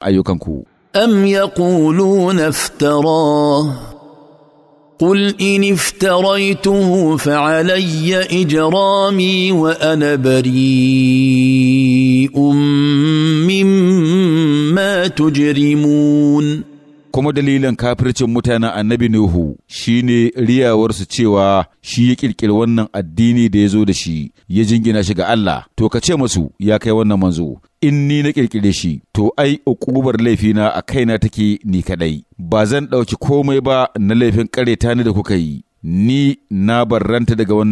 ayyukanku. أم يقولون افتراه قل إن افتريته فعلي إجرامي وأنا بريء مما تجرمون kuma dalilin kafircin mutanen annabi Nuhu ne riyawarsu cewa shi ya ƙirƙiri wannan addini da ya zo da shi ya jingina shi ga Allah to ka ce masu ya kai wannan manzo in ni na ƙirƙire shi, to ai uƙubar laifina a kaina take ni kaɗai, ba zan ɗauki komai ba na laifin ƙareta ni da kuka yi, ni na barranta daga wannan